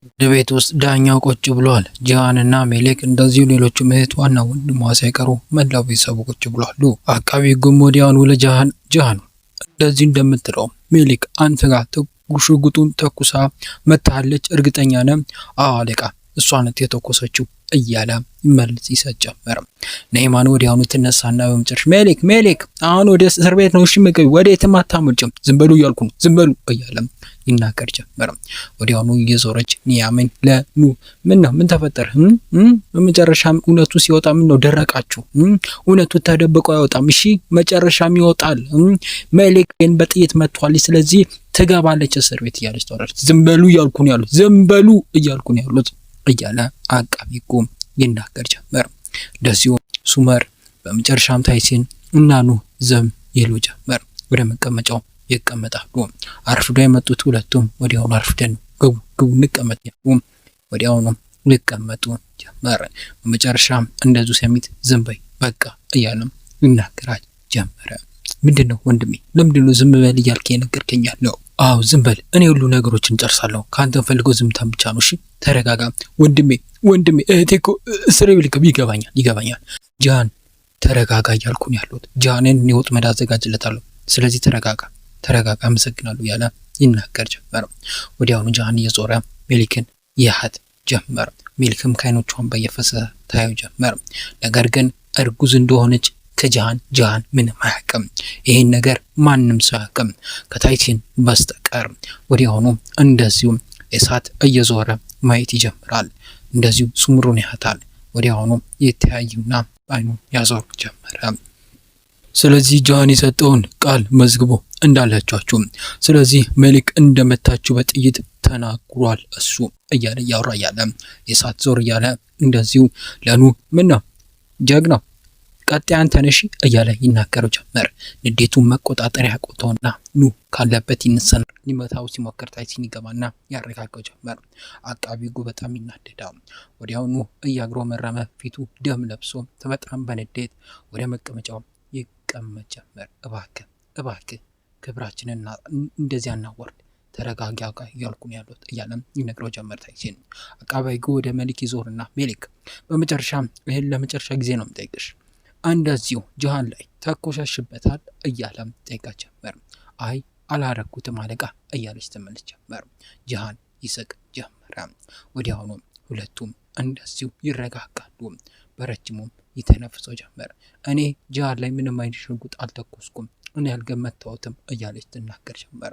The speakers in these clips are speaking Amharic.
ፍርድ ቤት ውስጥ ዳኛው ቁጭ ብሏል። ጂሃንና ሜሌክ እንደዚሁ ሌሎቹ እህት ዋና ወንድሟ ሳይቀሩ መላው ቤተሰቡ ቁጭ ብሏሉ። አቃቢ ሕጉም ወዲያውኑ ለጂሃን ጂሃን እንደዚህ እንደምትለው ሜሌክ አንተ ጋር ሽጉጡን ተኩሳ መታለች፣ እርግጠኛ ነ? አዎ አለቃ፣ እሷ ናት የተኮሰችው እያለ መልስ ይሰጥ ጀመር። ናይማን ወዲያውኑ ትነሳና በመጨረሻ ሜሌክ ሜሌክ አሁን ወደ እስር ቤት ነው እሺ ወደ የትም አታመልጭም፣ ዝም በሉ እያልኩ ነው፣ ዝም በሉ እያለ ይናገር ጀመር። ወዲያውኑ እየዞረች ኒያምን ለኑ ምን ነው ምን ተፈጠረ? በመጨረሻም እውነቱ ሲወጣ ምን ነው ደረቃችሁ? እውነቱ ተደብቆ አይወጣም፣ እሺ መጨረሻም ይወጣል። ሜሌክ ግን በጥይት መጥቷል፣ ስለዚህ ትገባለች እስር ቤት እያለች ተወራለች። ዝም በሉ እያልኩ ነው ያሉት፣ ዝም በሉ እያልኩ ነው ያሉት እያለ አቃቢ ሕጉ ይናገር ጀመር። ደሲዮ ሱመር በመጨረሻም ታይሲን እና ኑ ዘም ይሉ ጀመር። ወደ መቀመጫው ይቀመጣሉ። አርፍዶ የመጡት ሁለቱም ወዲያውኑ አርፍደን ግቡ ግቡ እንቀመጥ ያሉ ወዲያውኑ ሊቀመጡ ጀመር። በመጨረሻም እንደዙ ሰሚት ዝም በይ በቃ እያለም ይናገራል ጀመረ። ምንድን ነው ወንድሜ? ለምንድን ነው ዝም በል እያልክ የነገርከኛለው? አዎ ዝም በል። እኔ ሁሉ ነገሮችን እንጨርሳለሁ ከአንተን ፈልገው ዝምታን ብቻ ነው። እሺ ተረጋጋ ወንድሜ፣ ወንድሜ እህቴ እኮ እስሬ ብልክም ይገባኛል፣ ይገባኛል። ጃን ተረጋጋ እያልኩን ያሉት ጃንን እኔ ወጥመድ አዘጋጅለታለሁ። ስለዚህ ተረጋጋ፣ ተረጋጋ፣ አመሰግናለሁ ያለ ይናገር ጀመረ። ወዲያውኑ ጃን እየዞረ ሜሊክን ያህት ጀመረ። ሜሊክም ከዓይኖቿን በየፈሰ ታየው ጀመረ ነገር ግን እርጉዝ እንደሆነች ከጃሃን ጃሃን ምንም አያውቅም። ይህን ነገር ማንም ሰው አያውቅም ከታይቲን በስተቀር። ወዲያውኑ እንደዚሁ እሳት እየዞረ ማየት ይጀምራል። እንደዚሁ ስምሩን ያህታል። ወዲያውኑ የተያዩና አይኑ ያዞር ጀመረ። ስለዚህ ጃሃን የሰጠውን ቃል መዝግቦ እንዳላችኋችሁ፣ ስለዚህ መልክ እንደመታችሁ በጥይት ተናግሯል እሱ እያለ እያወራ እያለ የእሳት ዞር እያለ እንደዚሁ ለኑ ምና ጀግና ቀጥ ተነሺ እያለ ይናገረው ጀመር። ንዴቱን መቆጣጠር ያቆተውና ኑ ካለበት ይነሳና ሊመታው ሲሞክር ታይሲን ይገባና ያረጋገው ጀመር። አቃቢ ሕጉ በጣም ይናደዳል። ወዲያውኑ እያግሮ መረመ ፊቱ ደም ለብሶ በጣም በንዴት ወደ መቀመጫው ይቀመጥ ጀመር። እባክ እባክ ክብራችንን እንደዚያ እናወርድ ተረጋጋ እያልኩ ነው ያሉት እያለም ይነግረው ጀመር ታይሲን። አቃቢ ሕጉ ወደ መሊክ ይዞርና ሜሊክ፣ በመጨረሻ ይህን ለመጨረሻ ጊዜ ነው የምጠይቅሽ እንደዚሁ ጅሃን ላይ ተኮሻሽበታል እያለም ጠይቃ ጀመር። አይ አላረኩትም አለቃ እያለች ትመልስ ጀመር። ጅሃን ይስቅ ጀመረ። ወዲያውኑ ሁለቱም እንደዚሁ ይረጋጋሉ። በረጅሙም ይተነፍሰው ጀመር። እኔ ጅሃን ላይ ምንም አይነት ሽጉጥ አልተኮስኩም እኔ ያልገመተውትም እያለች ትናገር ጀመር።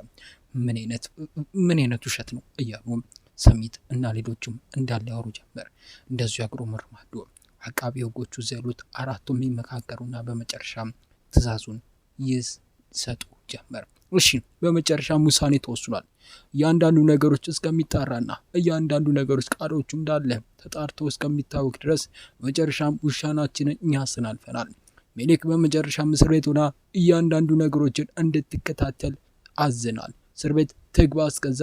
ምን አይነት ውሸት ነው እያሉ ሰሚት እና ሌሎችም እንዳለ ያወሩ ጀመር። እንደዚሁ ያግሮ ምርማዱ አቃቢ ህጎቹ ዘሉት አራቱም ይመካከሩና በመጨረሻም ትዕዛዙን ይሰጡ ጀመር። እሺ በመጨረሻም ውሳኔ ተወስኗል። እያንዳንዱ ነገሮች እስከሚጣራና እያንዳንዱ ነገሮች ቃሎቹ እንዳለ ተጣርቶ እስከሚታወቅ ድረስ መጨረሻም ውሻናችንን እኛ አሰናልፈናል። ሜሌክ በመጨረሻ እስር ቤት ሆና እያንዳንዱ ነገሮችን እንድትከታተል አዝናል። እስር ቤት ትግባ፣ እስከዛ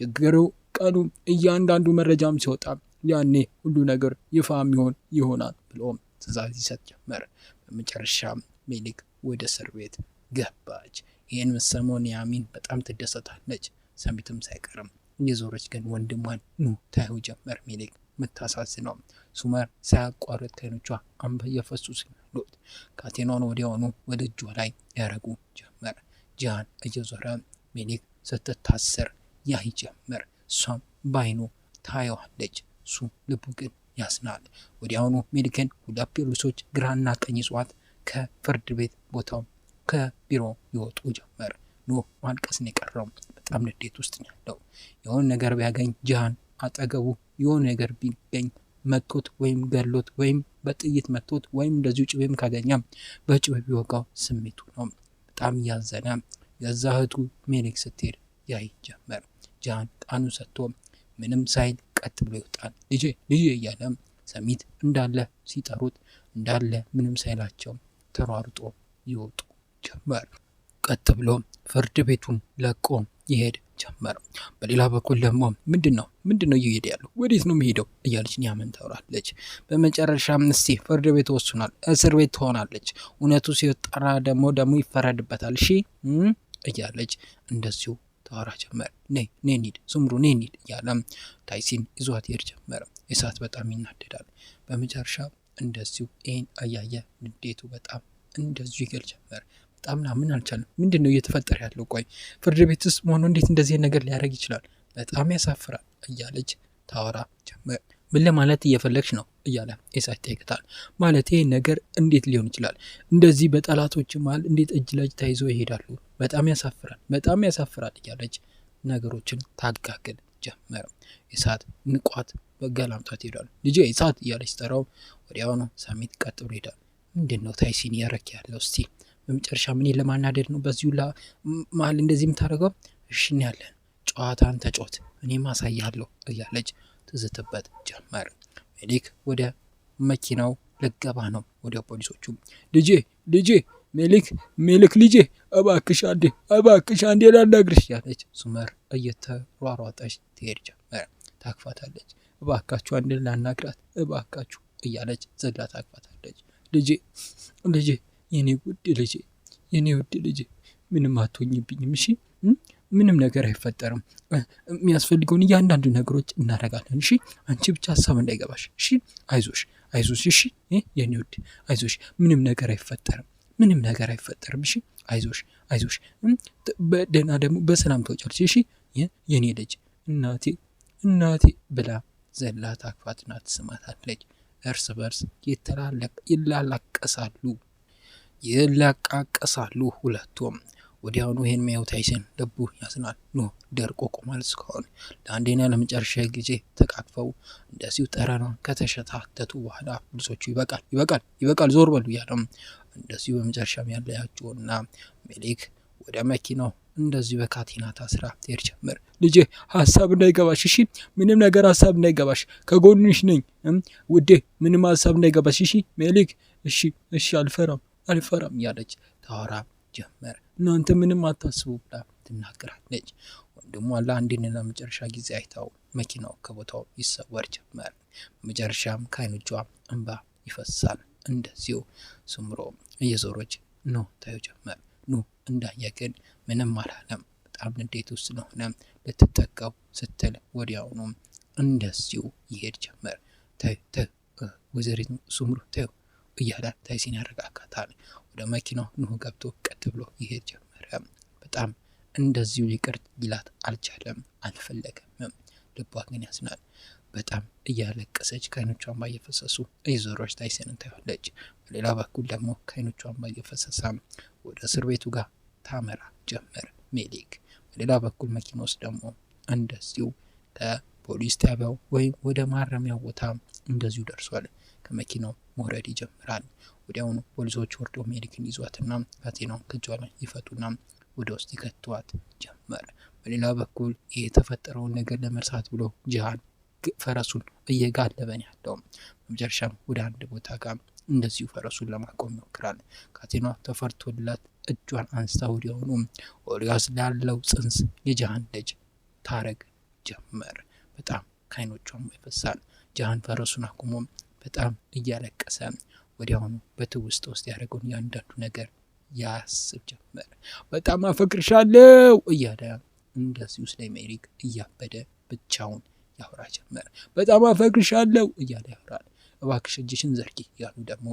ችግሩ፣ ቀኑ፣ እያንዳንዱ መረጃም ሲወጣ ያኔ ሁሉ ነገር ይፋ የሚሆን ይሆናል ብሎም ትእዛዝ ይሰጥ ጀመር። በመጨረሻም ሜሊክ ወደ እስር ቤት ገባች። ይህን ምሰሞን ያሚን በጣም ትደሰታለች። ሰሚትም ሳይቀርም እየዞረች ግን ወንድሟን ኑ ታዩ ጀመር። ሜሊክ የምታሳዝነው ሱመር ሳያቋርጥ ከዓይኖቿ እንባ እየፈሱ ሲሉት ካቴናውን ወዲያውኑ ወደ እጇ ላይ ያረጉ ጀመር። ጃን እየዞረ ሜሊክ ስትታሰር ያይ ጀመር። እሷም ባይኑ ታየዋለች። እሱ ልቡ ግን ያስናል። ወዲያውኑ ሜሊክን ላፔሩሶች ግራና ቀኝ እጽዋት ከፍርድ ቤት ቦታው ከቢሮ ይወጡ ጀመር። ኖ ማልቀስን የቀረው በጣም ንዴት ውስጥ ያለው የሆነ ነገር ቢያገኝ ጃሃን አጠገቡ የሆነ ነገር ቢገኝ መቶት ወይም ገሎት ወይም በጥይት መቶት ወይም እንደዚሁ ጭቤም ካገኘ በጭቤ ቢወጋው ስሜቱ ነው። በጣም እያዘነ የዛ እህቱ ሜሊክ ስትሄድ ያይ ጀመር። ጃሃን ጣኑ ሰጥቶ ምንም ሳይል ቀጥ ብሎ ይወጣል። ልጄ ልጄ እያለም ሰሚት እንዳለ ሲጠሩት እንዳለ ምንም ሳይላቸው ተሯርጦ ይወጡ ጀመር። ቀጥ ብሎ ፍርድ ቤቱን ለቆ ይሄድ ጀመር። በሌላ በኩል ደግሞ ምንድን ነው ምንድን ነው እየሄደ ያለው ወዴት ነው የሚሄደው እያለች ኒያመን ተውራለች። በመጨረሻ ምስ ፍርድ ቤት ወስኗል፣ እስር ቤት ትሆናለች። እውነቱ ሲጠራ ደግሞ ደግሞ ይፈረድበታል። እሺ እያለች እንደዚሁ ታወራ ጀመር። ነይ ነይ እንሂድ ዝምሩ ነይ እንሂድ እያለም ታይሲን ይዟት ይሄድ ጀመረ። ኢሳት በጣም ይናደዳል። በመጨረሻ እንደዚሁ ይህን አያየ ንዴቱ በጣም እንደዚሁ ይገል ጀመር። በጣም ላምን አልቻለም። ምንድን ነው እየተፈጠረ ያለው? ቆይ ፍርድ ቤት ውስጥ መሆኑ እንዴት እንደዚህ ነገር ሊያደረግ ይችላል? በጣም ያሳፍራል እያለች ታወራ ጀመር። ምን ለማለት እየፈለግች ነው እያለ ኢሳት ይጠይቃታል። ማለት ይህ ነገር እንዴት ሊሆን ይችላል? እንደዚህ በጠላቶች መሃል እንዴት እጅ ለእጅ ተይዞ ይሄዳሉ? በጣም ያሳፍራል፣ በጣም ያሳፍራል እያለች ነገሮችን ታጋግል ጀመረ። የሰዓት ንቋት በገላምቷት ሄዷል። ልጅ የሰዓት እያለች ጠራው። ወዲያውኑ ሳሚት ቀጥ ብሎ ሄዷል። ምንድን ነው ታይሲን ያረክ ያለው እስቲ በመጨረሻ ምን ለማናደድ ነው በዚሁ መሀል እንደዚህ የምታደርገው? እሽን ያለን ጨዋታን ተጫወት እኔ ማሳያለሁ እያለች ትዝትበት ጀመር። ሜሊክ ወደ መኪናው ልገባ ነው። ወደ ፖሊሶቹ ልጄ ልጄ ሜሊክ ሜሊክ ልጄ እባክሽ አንዴ እባክሽ አንዴ ላናግርሽ ያለች ሱመር እየተሯሯጠች ትሄድ ጀመረ። ታክፋታለች። እባካችሁ አንዴ ላናግራት እባካችሁ እያለች ዘላ ታክፋታለች። ልጄ ልጄ የኔ ውድ ልጄ የኔ ውድ ልጄ ምንም አትሆኝብኝም፣ እሺ ምንም ነገር አይፈጠርም። የሚያስፈልገውን እያንዳንዱ ነገሮች እናደርጋለን። እሺ አንቺ ብቻ ሀሳብ እንዳይገባሽ እሺ። አይዞሽ አይዞሽ፣ እሺ የኔ ውድ አይዞሽ፣ ምንም ነገር አይፈጠርም። ምንም ነገር አይፈጠርም። እሺ አይዞሽ አይዞሽ፣ በደና ደግሞ በሰላም ተወጫለሽ። እሺ የኔ ልጅ እናቴ እናቴ ብላ ዘላ ታቅፋትና ትስማታለች። እርስ በርስ ይላላቀሳሉ ይላቃቀሳሉ ሁለቱም። ወዲያውኑ ይህን ማየው ታይሰን ልቡ ያዝናል። ኖ ደርቆ ቆሟል። እስካሁን ለአንዴና ለመጨረሻ ጊዜ ተቃቅፈው እንደዚሁ ጠረኗን ከተሸታተቱ በኋላ ብልሶቹ ይበቃል፣ ይበቃል፣ ይበቃል ዞር በሉ እያለም እንደዚሁ በመጨረሻም እና ሜሊክ ወደ መኪናው እንደዚሁ በካቴና ታስራ ትሄድ ጀምር። ልጄ ሀሳብ እንዳይገባሽ እሺ፣ ምንም ነገር ሀሳብ እንዳይገባሽ፣ ከጎንሽ ነኝ ውዴ፣ ምንም ሀሳብ እንዳይገባሽ እሺ ሜሊክ፣ እሺ፣ እሺ፣ አልፈራም፣ አልፈራም እያለች ታወራ ጀመር። እናንተ ምንም አታስቡ ብላ ትናገራለች። ወንድሟ ለአንዴና መጨረሻ ጊዜ አይታው መኪናው ከቦታው ይሰወር ጀመር። መጨረሻም ከአይኖቿ እንባ ይፈሳል። እንደዚሁ ስምሮም እየዞሮች ኖ ታዩ ጀመር። ኖ እንዳየ ግን ምንም አላለም። በጣም ንዴት ውስጥ ስለሆነ ልትጠቀው ስትል ወዲያውኑ እንደዚሁ ይሄድ ጀመር። ተይ ተይ ወይዘሪት ሱምሩት ተዩ እያለ ታይሲን ያረጋጋታል። ወደ መኪናው ኖ ገብቶ ቀጥ ብሎ ይሄድ ጀመረ። በጣም እንደዚሁ ይቅር ይላት አልቻለም፣ አልፈለገም። ልቧ ግን ያዝናል። በጣም እያለቀሰች ከአይኖቿን ባየፈሰሱ እየፈሰሱ ታይሰንን ታያለች። በሌላ በኩል ደግሞ ከአይኖቿን ባየፈሰሳም ወደ እስር ቤቱ ጋር ታመራ ጀመር ሜሊክ። በሌላ በኩል መኪና ውስጥ ደግሞ እንደዚሁ ከፖሊስ ጣቢያው ወይም ወደ ማረሚያ ቦታ እንደዚሁ ደርሷል። ከመኪናው መውረድ ይጀምራል። ወዲያውኑ ፖሊሶች ወርዶ ሜሊክን ይዟትና ካቴናውን ከእጇ ላይ ይፈቱና ወደ ውስጥ ይከትዋት ጀመር። በሌላ በኩል የተፈጠረውን ነገር ለመርሳት ብሎ ጃሃን ፈረሱን እየጋለበን ያለው በመጨረሻም ወደ አንድ ቦታ ጋር እንደዚሁ ፈረሱን ለማቆም ይሞክራል። ካቴና ተፈርቶላት እጇን አንስታ ወዲያውኑ ኦልጋስ ላለው ጽንስ የጃሃን ልጅ ታረግ ጀመር። በጣም ከአይኖቿም ይፈሳል። ጃሃን ፈረሱን አቁሞ በጣም እያለቀሰ ወዲያውኑ በትውስጥ ውስጥ ያደረገውን እያንዳንዱ ነገር ያስብ ጀመር። በጣም አፈቅርሻለው እያለ እንደዚሁ ስለ ሜሪክ እያበደ ብቻውን ያወራ ጀመር። በጣም አፈቅርሻለሁ እያለ ያወራል። እባክሽ እጅሽን ዘርጊ ያሉ ደግሞ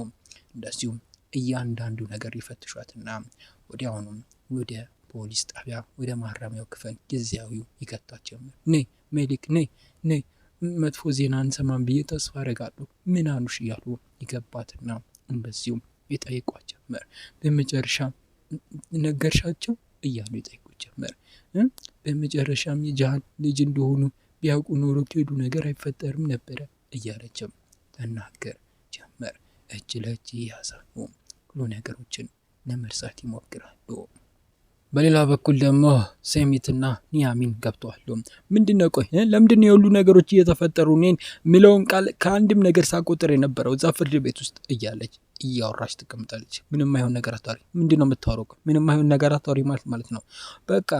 እንደዚሁም እያንዳንዱ ነገር ይፈትሿትና ወዲያውኑም ወደ ፖሊስ ጣቢያ ወደ ማረሚያው ክፍል ጊዜያዊው ይከቷት ጀመር። ኔ ሜሊክ ኔ ኔ መጥፎ ዜና እንሰማን ብዬ ተስፋ አደርጋለሁ። ምን አሉሽ እያሉ ይገባትና እንደዚሁም ይጠይቋት ጀመር። በመጨረሻ ነገርሻቸው እያሉ ይጠይቁት ጀመር። በመጨረሻም የጃሃን ልጅ እንደሆኑ ቢያውቁ ኖሮ ቴዱ ነገር አይፈጠርም ነበረ እያለችም ተናገር ጀመር። እጅ ለእጅ ያሳሙ ሁሉ ነገሮችን ለመርሳት ይሞክራሉ። በሌላ በኩል ደግሞ ሴሚትና ኒያሚን ገብተዋሉ። ምንድን ነው ቆይ ለምንድን ነው የሁሉ ነገሮች እየተፈጠሩ እኔን የሚለውን ቃል ከአንድም ነገር ሳቆጥር የነበረው እዛ ፍርድ ቤት ውስጥ እያለች እያወራች ትቀምጣለች። ምንም አይሆን ነገር አታወሪ። ምንድን ነው የምታወራው? ምንም አይሆን ነገር አታወሪ ማለት ማለት ነው። በቃ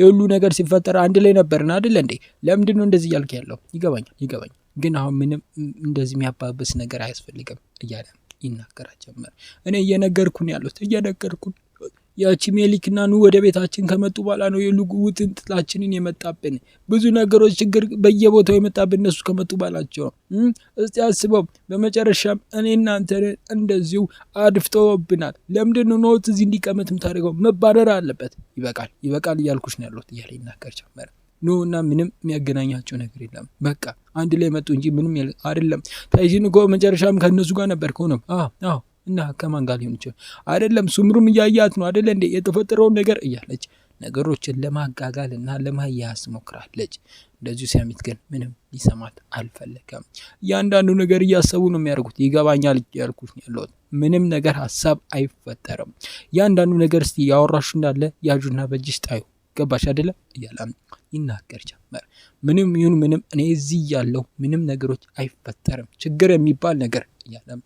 የሁሉ ነገር ሲፈጠር አንድ ላይ ነበርን አደለ እንዴ? ለምንድን ነው እንደዚህ እያልክ ያለው? ይገባኛል፣ ይገባኛል፣ ግን አሁን ምንም እንደዚህ የሚያባብስ ነገር አያስፈልግም እያለ ይናገራ ጀመር። እኔ እየነገርኩን ያሉት እየነገርኩን ያቺ ሜሊክና ኑ ወደ ቤታችን ከመጡ በኋላ ነው የልጉውትን ጥላችንን የመጣብን። ብዙ ነገሮች ችግር በየቦታው የመጣብን እነሱ ከመጡ ባላቸው እስቲ አስበው። በመጨረሻም እኔ እናንተ እንደዚሁ አድፍጠውብናል። ለምንድን ኖት እዚህ እንዲቀመጥ የምታደርገው? መባረር አለበት። ይበቃል፣ ይበቃል እያልኩሽ ነው ያለሁት እያለ ይናገር ጀመረ። ኑ እና ምንም የሚያገናኛቸው ነገር የለም። በቃ አንድ ላይ መጡ እንጂ ምንም አይደለም። ታይሲን እኮ መጨረሻም ከእነሱ ጋር ነበር ከሆነም እና ከማን ጋር ሊሆን ይችላል? አይደለም ሱምሩም እያያት ነው አይደለ እንዴ የተፈጠረውን ነገር እያለች ነገሮችን ለማጋጋል እና ለማያያዝ ሞክራለች። እንደዚሁ ሲያሚት ግን ምንም ሊሰማት አልፈለገም። እያንዳንዱ ነገር እያሰቡ ነው የሚያደርጉት። ይገባኛል ያልኩት ያለት ምንም ነገር ሀሳብ አይፈጠርም። እያንዳንዱ ነገር እስቲ ያወራሹ እንዳለ ያጁና በእጅሽ ጣዩ ገባሽ አይደለም እያለ ይናገር ጀመር። ምንም ይሁን ምንም እኔ እዚህ ያለው ምንም ነገሮች አይፈጠርም ችግር የሚባል ነገር እያለም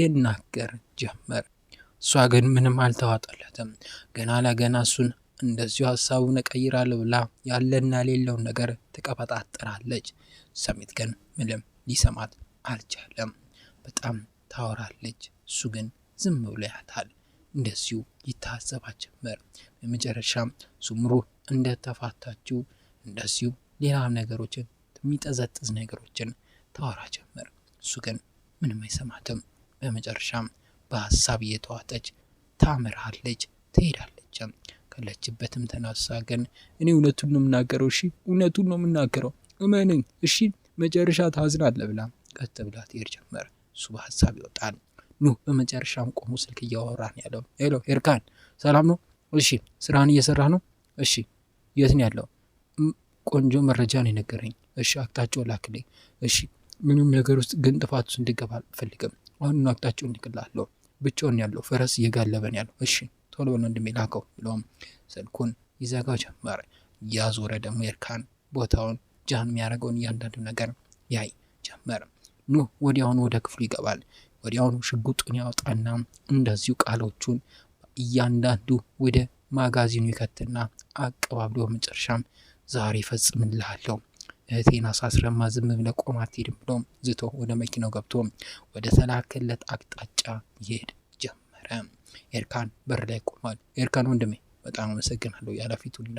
ይናገር ጀመር። እሷ ግን ምንም አልተዋጠለትም። ገና ለገና እሱን እንደዚሁ ሀሳቡን እቀይራለሁ ብላ ያለና ሌለውን ነገር ትቀበጣጥራለች። ሰሚት ግን ምንም ሊሰማት አልቻለም። በጣም ታወራለች፣ እሱ ግን ዝም ብሎ ያታል። እንደዚሁ ይታዘባት ጀመር። በመጨረሻም ሱምሩ እንደተፋታችው እንደዚሁ ሌላ ነገሮችን የሚጠዘጥዝ ነገሮችን ታወራ ጀመር። እሱ ግን ምንም አይሰማትም። በመጨረሻም በሀሳብ እየተዋጠች ታምርሃለች፣ ትሄዳለች። ካለችበትም ተናሳ ግን እኔ እውነቱን ነው የምናገረው፣ እሺ እውነቱን ነው የምናገረው፣ እመንኝ፣ እሺ መጨረሻ ታዝናለ ብላ ቀጥ ብላ ትሄድ ጀመር። እሱ በሀሳብ ይወጣል። ኑ በመጨረሻም ቆሞ ስልክ እያወራን ያለው ሄሎ፣ ኤርካን ሰላም ነው? እሺ ስራን እየሰራ ነው? እሺ የት ነው ያለው? ቆንጆ መረጃ ነው የነገረኝ። እሺ አቅጣጫው ላክልኝ። እሺ ምንም ነገር ውስጥ ግን ጥፋት ውስጥ እንድገባ አልፈልግም። አሁኑን አቅጣጫው እንዲቅላለሁ ብቻውን ያለው ፈረስ እየጋለበን ያለው እሺ ቶሎ ብሎ እንደሚላከው ብለውም ስልኩን ይዘጋው ጀመር። ያዞረ ደግሞ የርካን ቦታውን ጃን የሚያደርገውን እያንዳንዱ ነገር ያይ ጀመር። ኑ ወዲያውኑ ወደ ክፍሉ ይገባል። ወዲያውኑ ሽጉጡን ያወጣና እንደዚሁ ቃሎቹን እያንዳንዱ ወደ ማጋዚኑ ይከትና አቀባብሎ መጨረሻም ዛሬ ይፈጽምልሃለሁ እህቴን አሳስረማ ዝም ብለ ቆም አትሄድም ብሎም ዝቶ ወደ መኪናው ገብቶ ወደ ተላከለት አቅጣጫ ይሄድ ጀመረ። ኤርካን በር ላይ ቆሟል። ኤርካን ወንድሜ በጣም አመሰግናለሁ ያለ ፊቱን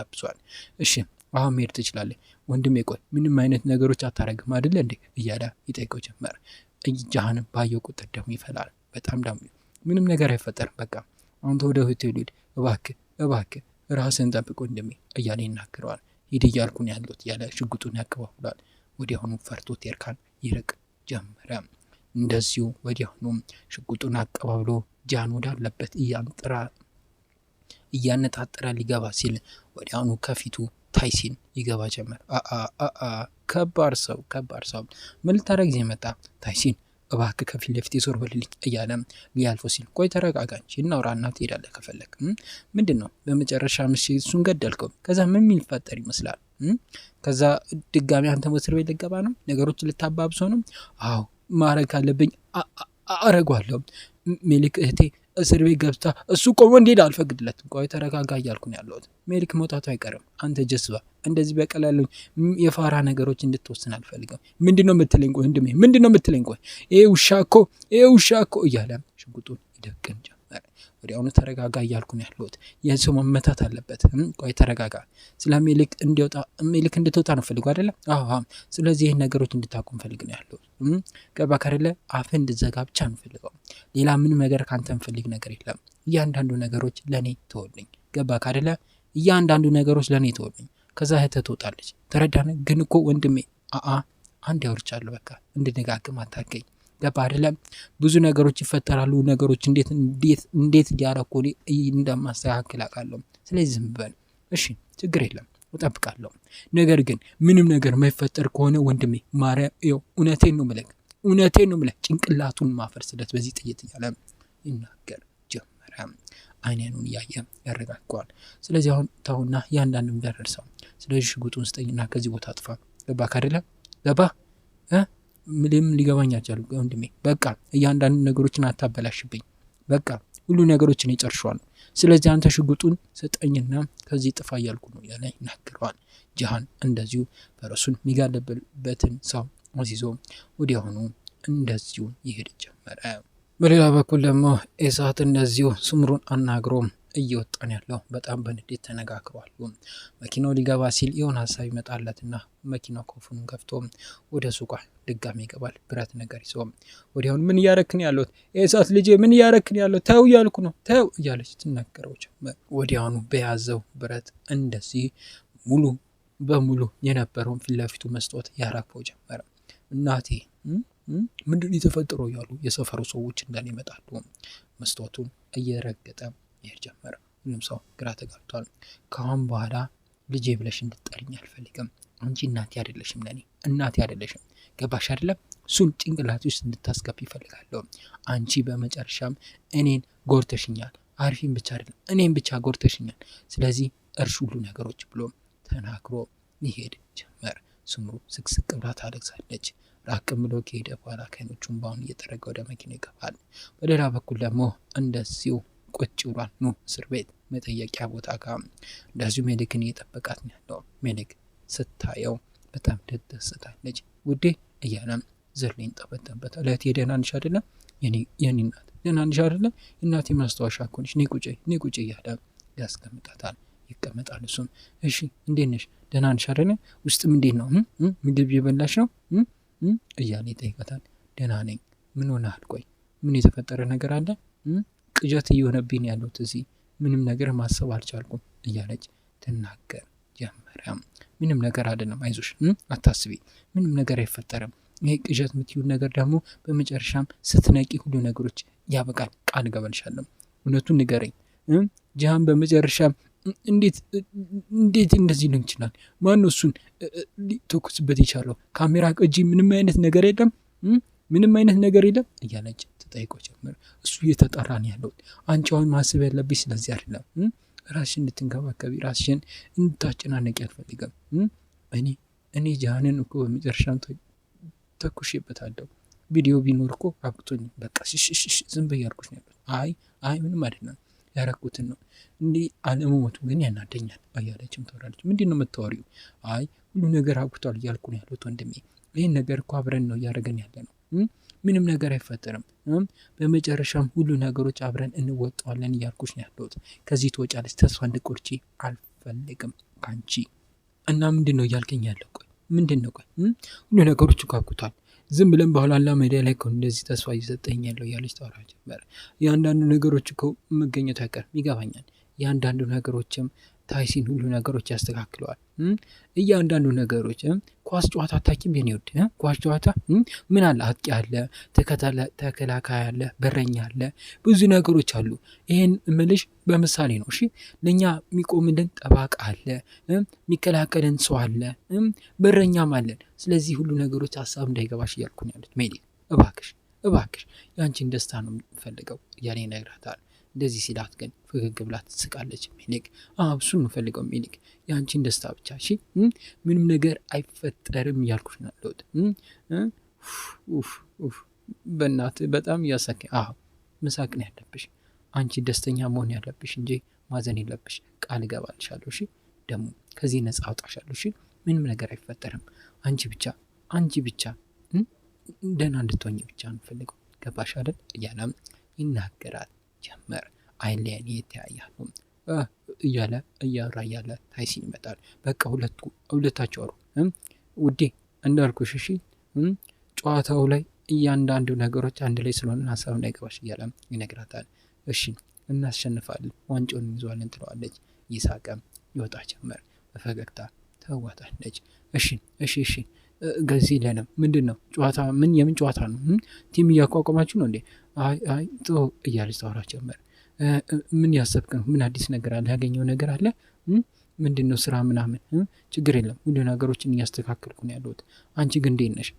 እሺ አሁን መሄድ ትችላለህ ወንድሜ፣ ቆይ ምንም አይነት ነገሮች አታረግም አይደለ እንዴ እያለ ይጠይቀው ጀመር። እጃህንም ባየው ቁጥር ደሞ ይፈላል። በጣም ዳሙ ምንም ነገር አይፈጠርም። በቃ አሁን ወደ ሆቴል ሂድ እባክህ፣ እባክህ ራስን ጠብቅ ወንድሜ እያለ ይናገረዋል። ሂድ እያልኩን ያሉት ያለ ሽጉጡን ያቀባብላል። ወዲያውኑ ፈርቶ ቴርካን ይርቅ ጀመረ። እንደዚሁ ወዲያውኑም ሽጉጡን አቀባብሎ ጃን ወዳለበት እያንጥራ እያነጣጠረ ሊገባ ሲል ወዲያውኑ ከፊቱ ታይሲን ይገባ ጀመር። አአ ከባድ ሰው ከባድ ሰው ምን ልታረግ ጊዜ መጣ ታይሲን እባክ ከፊት ለፊት የዞር በልልኝ እያለ ሊያልፈው ሲል ቆይ ተረጋጋ እንጂ እናውራና ትሄዳለህ ከፈለግ ምንድን ነው በመጨረሻ ምስ እሱን ገደልከው ከዛ ምን የሚፈጠር ይመስላል ከዛ ድጋሚ አንተ እስር ቤት ልገባ ነው ነገሮች ልታባብሶ ነው አዎ ማድረግ ካለብኝ አረጓለሁ ሜልክ እህቴ እስር ቤት ገብታ እሱ ቆሞ እንዲሄድ አልፈቅድለትም። ቆይ ተረጋጋ እያልኩን ያለሁት ሜሪክ መውጣቱ አይቀርም። አንተ ጀስባ እንደዚህ በቀላሉ የፋራ ነገሮች እንድትወስን አልፈልግም። ምንድነው የምትለኝ? ቆይ ወንድሜ ምንድነው የምትለኝ? ቆይ ይሄ ውሻ እኮ ይሄ ውሻ እኮ እያለ ሽጉጡን ይደቅን ጀመረ። ወዲያውኑ ተረጋጋ እያልኩ ነው ያለሁት። ይህ ሰው መመታት አለበት። ቆይ ተረጋጋ። ስለ ሜሊክ እንዲወጣ ሜሊክ እንድትወጣ ነው ፈልጉ አደለ? ስለዚህ ይህን ነገሮች እንድታቁም ፈልግ ነው ያለሁት። ገባ ከደለ አፍ እንድዘጋ ብቻ ነው ፈልገው። ሌላ ምንም ነገር ከአንተ ምፈልግ ነገር የለም። እያንዳንዱ ነገሮች ለእኔ ተወልኝ። ገባ ካደለ እያንዳንዱ ነገሮች ለእኔ ተወልኝ። ከዛ እህትህ ትወጣለች። ተረዳነ? ግን እኮ ወንድሜ፣ አአ አንድ ያወርቻለሁ። በቃ እንድነጋግም አታገኝ ገባ አይደለም? ብዙ ነገሮች ይፈጠራሉ። ነገሮች እንዴት እንዴት እንዴት እያረኩ እንደማስተካክል አውቃለሁ። ስለዚህ ዝም በል እሺ፣ ችግር የለም እጠብቃለሁ። ነገር ግን ምንም ነገር የማይፈጠር ከሆነ ወንድሜ ማርያም፣ ው እውነቴን ነው ምለክ እውነቴን ነው ምለክ ጭንቅላቱን ማፈርስለት በዚህ ጥይት እያለ ይናገር ጀመረ። አይኔኑን እያየ ያረጋግጠዋል። ስለዚህ አሁን ተውና እያንዳንዱ ነገር ደርሰው፣ ስለዚህ ሽጉጡን ስጠኝና ከዚህ ቦታ አጥፋ። ገባ ካደለ ገባ ምንም ሊገባኝ አልቻለም። ወንድሜ በቃ እያንዳንዱ ነገሮችን አታበላሽብኝ። በቃ ሁሉ ነገሮችን ይጨርሸዋል። ስለዚህ አንተ ሽጉጡን ስጠኝና ከዚህ ጥፋ እያልኩ ነው ያለ ይናገረዋል። ጃሃን እንደዚሁ ፈረሱን የሚጋለብበትን ሰው አዚዞ ወዲያውኑ እንደዚሁ ይሄድ ጀመረ። በሌላ በኩል ደግሞ ኤሳት እንደዚሁ ስምሩን አናግሮም እየወጣን ያለው። በጣም በንዴት ተነጋግሯል። መኪናው ሊገባ ሲል የሆነ ሀሳብ ይመጣለትና መኪናው ኮፉን ከፍቶ ወደ ሱቋ ድጋሚ ይገባል። ብረት ነገር ይዞ ወዲያውኑ ምን እያረክን ያለት ኤሳት ልጄ ምን እያረክን ያለት ተው እያልኩ ነው ተው እያለች ትናገረው ጀመር። ወዲያውኑ በያዘው ብረት እንደዚህ ሙሉ በሙሉ የነበረውን ፊት ለፊቱ መስታወት ያራግፈው ጀመረ። እናቴ ምንድን የተፈጥሮ እያሉ የሰፈሩ ሰዎች እንደን ይመጣሉ። መስታወቱን እየረገጠ መሄድ ጀመረ። ሁሉም ሰው ግራ ተጋብቷል። ከአሁን በኋላ ልጄ ብለሽ እንድጠርኝ አልፈልግም። አንቺ እናቴ አይደለሽም፣ ለኔ እናቴ አይደለሽም። ገባሽ አይደለም? እሱን ጭንቅላት ውስጥ እንድታስገብ ይፈልጋለሁ። አንቺ በመጨረሻም እኔን ጎርተሽኛል። አሪፊን ብቻ አይደለም እኔን ብቻ ጎርተሽኛል። ስለዚህ እርሽ ሁሉ ነገሮች ብሎ ተናግሮ ይሄድ ጀመር። ስምሩ ስቅስቅ ብላ ታለቅሳለች። ራቅም ብሎ ከሄደ በኋላ ከኖቹን በአሁን እየጠረገ ወደ መኪና ይገባል። በሌላ በኩል ደግሞ እንደዚሁ ቁጭ ብሏል። ኑ እስር ቤት መጠየቂያ ቦታ ጋር እንደዚሁ ሜሊክን እየጠበቃት ነው ያለው። ሜሊክ ስታየው በጣም ትደሰታለች። ውዴ እያለም ዘርሌን ጠበጠበት። እለቴ ደህና ነሽ አይደለም? የኔ እናት ደህና ነሽ አይደለም? እናቴ ማስታወሻ እኮ ነሽ። ኔ ቁጭ ኔ ቁጭ እያለ ያስቀምጣታል። ይቀመጣል። እሱም እሺ እንዴት ነሽ? ደህና ነሽ አይደለም? ውስጥም እንዴት ነው? ምግብ የበላሽ ነው እያለ ይጠይቀታል። ደህና ነኝ። ምን ሆነሃል? ቆይ ምን የተፈጠረ ነገር አለ? ቅዠት እየሆነብኝ ያለሁት እዚህ ምንም ነገር ማሰብ አልቻልኩም እያለች ትናገር ጀመረ። ምንም ነገር አይደለም፣ አይዞሽ፣ አታስቢ፣ ምንም ነገር አይፈጠርም። ይሄ ቅዠት የምትዩን ነገር ደግሞ በመጨረሻም ስትነቂ ሁሉ ነገሮች ያበቃል፣ ቃል ገበልሻለሁ። እውነቱን ንገረኝ ጃሃን፣ በመጨረሻም እንዴት እንዴት እንደዚህ ልን ይችላል? ማነው እሱን ሊተኩስበት የቻለው? ካሜራ ቅጂ ምንም አይነት ነገር የለም፣ ምንም አይነት ነገር የለም እያለች ትጠይቀው ጀምር እሱ እየተጠራ ነው ያለው። አንቺ አሁን ማሰብ ያለብሽ ስለዚህ አይደለም። ራስሽን እንድትንከባከቢ ራስሽን እንድታጨናነቂ አልፈልግም። እኔ እኔ ጃንን እኮ በመጨረሻም ተኩሼበታለሁ። ቪዲዮ ቢኖር እኮ አብቅቶኝ በቃ ሽሽሽ ዝም በያልኩሽ ነው ያሉት። አይ አይ ምንም አይደለም ያረኩትን ነው እንዲህ አለመሞቱ ግን ያናደኛል እያለችም ተወራለች። ምንድን ነው የምታወሪው? አይ ሁሉ ነገር አብቅቷል እያልኩ ነው ያሉት ወንድሜ። ይህን ነገር እኮ አብረን ነው እያደረገን ያለ ነው ምንም ነገር አይፈጠርም። በመጨረሻም ሁሉ ነገሮች አብረን እንወጣዋለን እያልኩች ነው ያለሁት። ከዚህ ትወጫለች። ተስፋ እንድቆርጪ አልፈልግም ካንቺ እና ምንድን ነው እያልከኝ ያለው? ቆይ ምንድን ነው? ቆይ ሁሉ ነገሮች ካኩታል። ዝም ብለን በኋላላ ሜዲያ ላይ ከሆነ እንደዚህ ተስፋ እየሰጠኝ ያለው እያለች ታወራ ጀመረ። የአንዳንዱ ነገሮች እኮ መገኘቱ አይቀርም ይገባኛል። የአንዳንዱ ነገሮችም ታይሲን ሁሉ ነገሮች ያስተካክለዋል። እያንዳንዱ ነገሮች ኳስ ጨዋታ አታኪም የኔ ውድ ኳስ ጨዋታ ምን አለ? አጥቂ አለ፣ ተከላካይ አለ፣ በረኛ አለ፣ ብዙ ነገሮች አሉ። ይሄን እምልሽ በምሳሌ ነው። እሺ ለእኛ የሚቆምልን ጠባቅ አለ፣ የሚከላከልን ሰው አለ፣ በረኛም አለን። ስለዚህ ሁሉ ነገሮች ሀሳብ እንዳይገባሽ እያልኩ ነው ያሉት። ሜሊ እባክሽ እባክሽ፣ የአንቺን ደስታ ነው የምፈልገው እያኔ ነግራታል። እንደዚህ ሲላት ግን ፈገግ ብላ ትስቃለች። ሜሊክ እሱን የምፈልገው ሜሊክ፣ የአንቺን ደስታ ብቻ ሺ ምንም ነገር አይፈጠርም እያልኩሽ ናለት በእናት በጣም እያሳኪ አዎ፣ መሳቅ ያለብሽ። አንቺ ደስተኛ መሆን ያለብሽ እንጂ ማዘን የለብሽ። ቃል ገባልሻለሁ ሺ ደግሞ ከዚህ ነጻ አውጣሻለሁ። ሺ ምንም ነገር አይፈጠርም። አንቺ ብቻ አንቺ ብቻ ደህና እንድትሆኝ ብቻ ንፈልገው ገባሽ እያለም ይናገራል። ጀመር። አይን ላይን የተያያሉ እያለ እያወራ እያለ ታይሲን ይመጣል። በቃ ሁለቱ ሁለታቸው አሩ ውዴ እንዳልኩሽ እሺ፣ ጨዋታው ላይ እያንዳንዱ ነገሮች አንድ ላይ ስለሆነ ሀሳብ እንዳይገባሽ እያለ ይነግራታል። እሺ እናሸንፋለን፣ ዋንጫውን እንይዘዋለን ትለዋለች። ይሳቀም ይወጣ ጀመር። በፈገግታ ተዋታለች። እሺ እሺ እሺ ገዜ ለንም ምንድን ነው ጨዋታ? ምን የምን ጨዋታ ነው? ቲም እያቋቋማችሁ ነው እንዴ? አይ አይ ጥ እያለች ታወራ ጀመር። ምን ያሰብክ ነው? ምን አዲስ ነገር አለ? ያገኘው ነገር አለ? ምንድን ነው ስራ ምናምን? ችግር የለም ሁሉ ነገሮችን እያስተካከልኩ ነው ያለሁት። አንቺ ግን እንዴት ነሽ?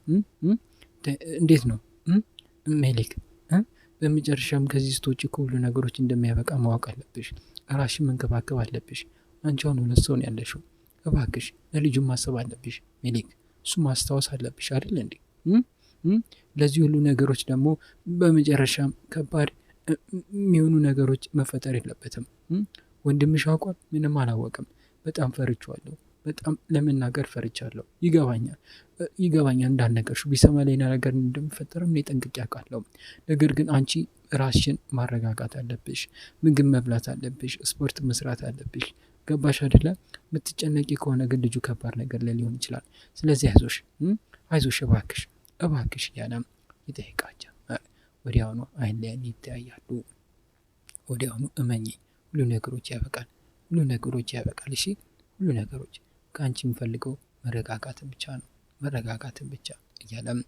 እንዴት ነው ሜሌክ? በመጨረሻም ከዚህ ስቶች ሁሉ ነገሮች እንደሚያበቃ ማወቅ አለብሽ። ራሽን መንከባከብ አለብሽ። አንቺ አሁን ሁለት ሰውን ያለሽው። እባክሽ ለልጁ ማሰብ አለብሽ ሜሌክ እሱ ማስታወስ አለብሽ አይደል እንዴ? ለዚህ ሁሉ ነገሮች ደግሞ በመጨረሻም ከባድ የሚሆኑ ነገሮች መፈጠር የለበትም። ወንድምሽ አውቋል? ምንም አላወቅም። በጣም ፈርቸዋለሁ በጣም ለመናገር ፈርቻለሁ። ይገባኛል ይገባኛል እንዳልነገርሽ ቢሰማ ሌላ ነገር እንደሚፈጠርም እኔ ጠንቅቄ አውቃለሁ። ነገር ግን አንቺ ራስሽን ማረጋጋት አለብሽ። ምግብ መብላት አለብሽ። ስፖርት መስራት አለብሽ። ገባሽ አደለ? የምትጨነቂ ከሆነ ግን ልጁ ከባድ ነገር ላይ ሊሆን ይችላል። ስለዚህ አይዞሽ አይዞሽ እባክሽ እባክሽ እያለ ይጠይቃቸው። ወዲያውኑ አይን ላይ ይተያያሉ። ወዲያውኑ እመኝ ሁሉ ነገሮች ያበቃል፣ ሁሉ ነገሮች ያበቃል። እሺ ሁሉ ነገሮች ከአንቺ የሚፈልገው መረጋጋትን ብቻ ነው፣ መረጋጋትን ብቻ እያለም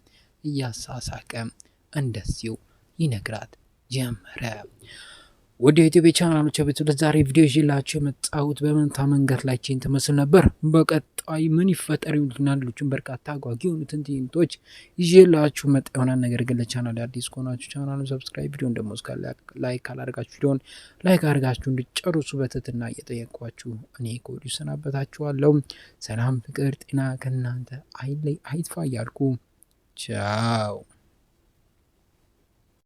እያሳሳቀ እንደዚሁ ይነግራት ጀመረ። ወደ ዩቲዩብ ቻናሎች ቤተሰቦች ዛሬ ቪዲዮ ይዤላችሁ የመጣሁት በመንታ መንገድ ላይ ቼን ትመስል ነበር። በቀጣይ ምን ይፈጠር ይሉትና ሌሎችን በርካታ አጓጊ የሆኑትን ትዕይንቶች ይዤላችሁ መጣ የሆናል። ነገር ግን ለቻናል አዲስ ከሆናችሁ ቻናሉን ሰብስክራይብ፣ ቪዲዮን ደግሞ እስካ ላይክ ካላደርጋችሁ ቪዲዮን ላይክ አድርጋችሁ እንድጨርሱ በትህትና እየጠየቅኳችሁ እኔ ከወዲሁ ሰናበታችኋለሁ። ሰላም፣ ፍቅር፣ ጤና ከእናንተ አይለይ አይጥፋ እያልኩ ቻው